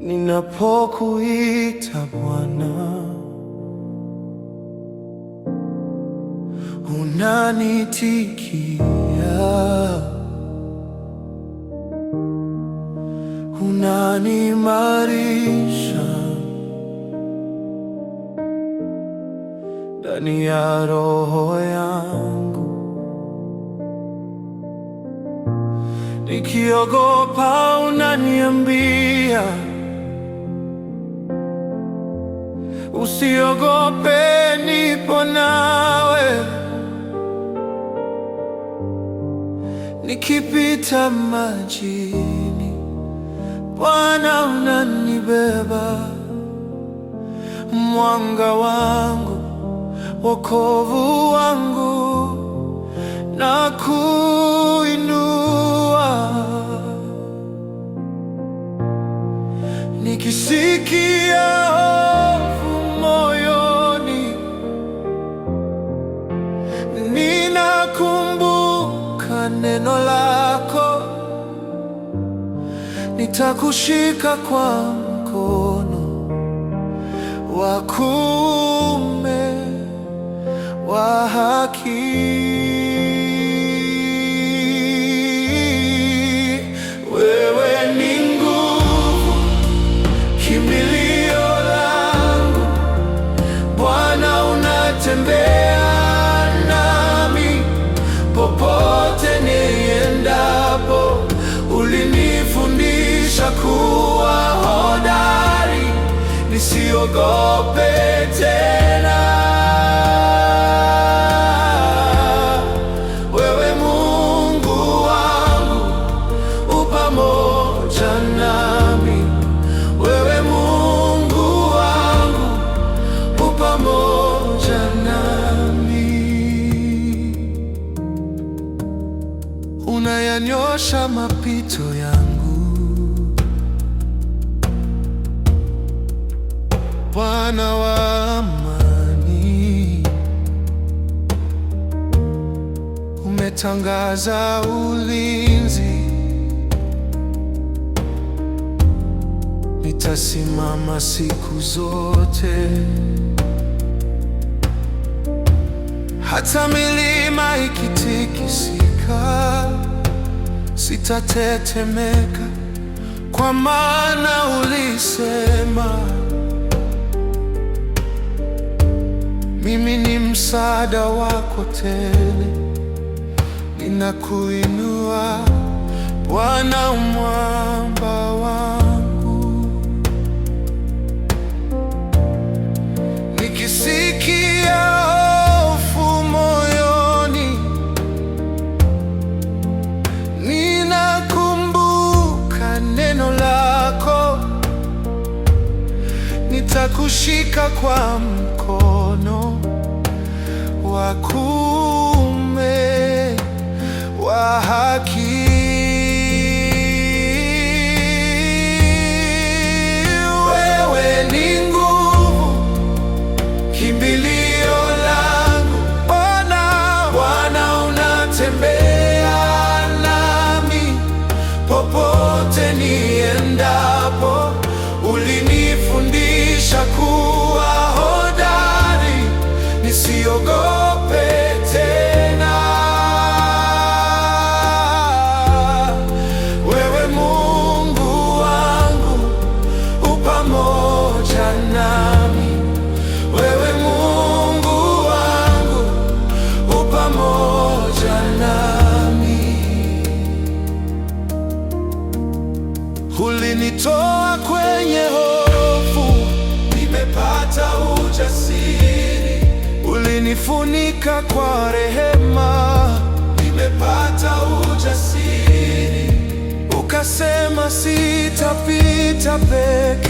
Ninapokuita Bwana unanitikia unanimarisha ndani ya roho yangu, nikiogopa unaniambia usiogope, nipo nawe nikipita maji Bwana unanibeba, mwanga wangu, wokovu wangu, na kuinua nikisikia hofu moyoni, ninakumbuka neno nitakushika kwa mkono wa kuume wa haki nyosha mapito yangu, Bwana wa amani, umetangaza ulinzi, nitasimama siku zote, hata milima ikitikisi sitatetemeka, kwa maana ulisema mimi ni msaada wako, tele ninakuinua Bwana, mwamba wangu. kushika kwa mkono wa kuume wa haki wewe ni nguvu kimbili Nimejitoa kwenye hofu, nimepata ujasiri. Ulinifunika kwa rehema, nimepata ujasiri. Ukasema sitapita peke